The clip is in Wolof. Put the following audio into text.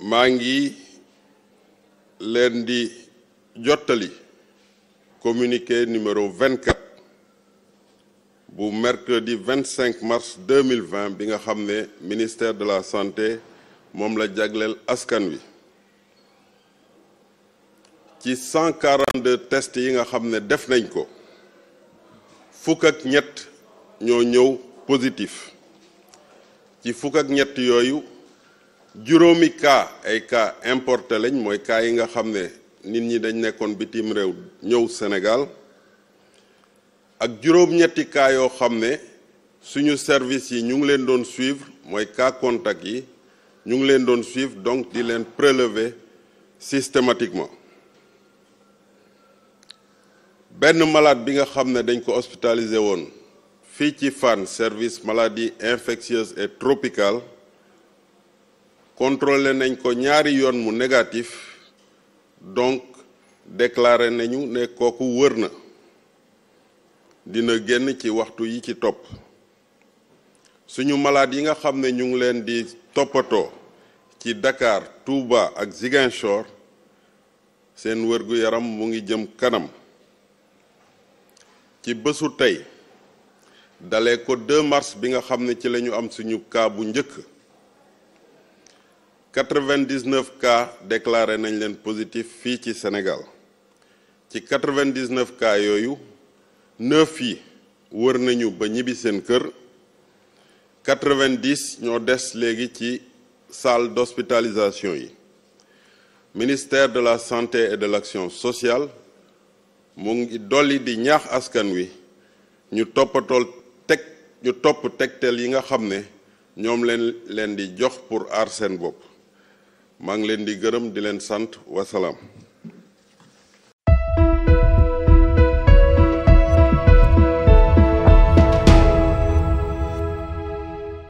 Mangi Lendi jotali communiqué numéro 24 bu mercredi 25 mars 2020 bi nga ministère de la santé Momla la Askanwi. askan wi ci 142 tests yi nga xamné def nañ ko positif ci fuk ak Duromika cas ay cas importé lañ mooy cas yi nga xam nit ñi dañ bitim Sénégal ak juróom-ñetti cas yoo suñu service yi ñu ngi leen doon suivre mooy cas contact yi ñu ngi leen suivre donc di leen prélever systématiquement benn malade bi nga ko hospitalisé woon fii ci service maladie infectieuse et tropicale contrôlé nañ ko ñaari yoon mu négatif donc déclaré nañu ne kooku wër na dina génn ci waxtu yi ci topp suñu malade yi nga xam ne ñu ngi leen di toppatoo ci Dakar Touba ak Ziguinchor seen wërgu yaram mu ngi jëm kanam ci bésu tey dalee ko 2 mars bi nga xam ne ci lañu am suñu cas bu njëkk 99 cas déclarés nañ leen positif fii ci Sénégal ci 99 cas yooyu neuf yi wër nañu ba ñibi seen kër 90 ñoo des léegi ci salle d'hospitalisation yi ministère de la santé et de l'action sociale mu ngi dolli di ñaax askan wi ñu toppatool teg ñu topp tegteel yi nga xam ne ñoom leen leen di jox pour aar seen maa ngi leen di gërëm di leen sant wasalaam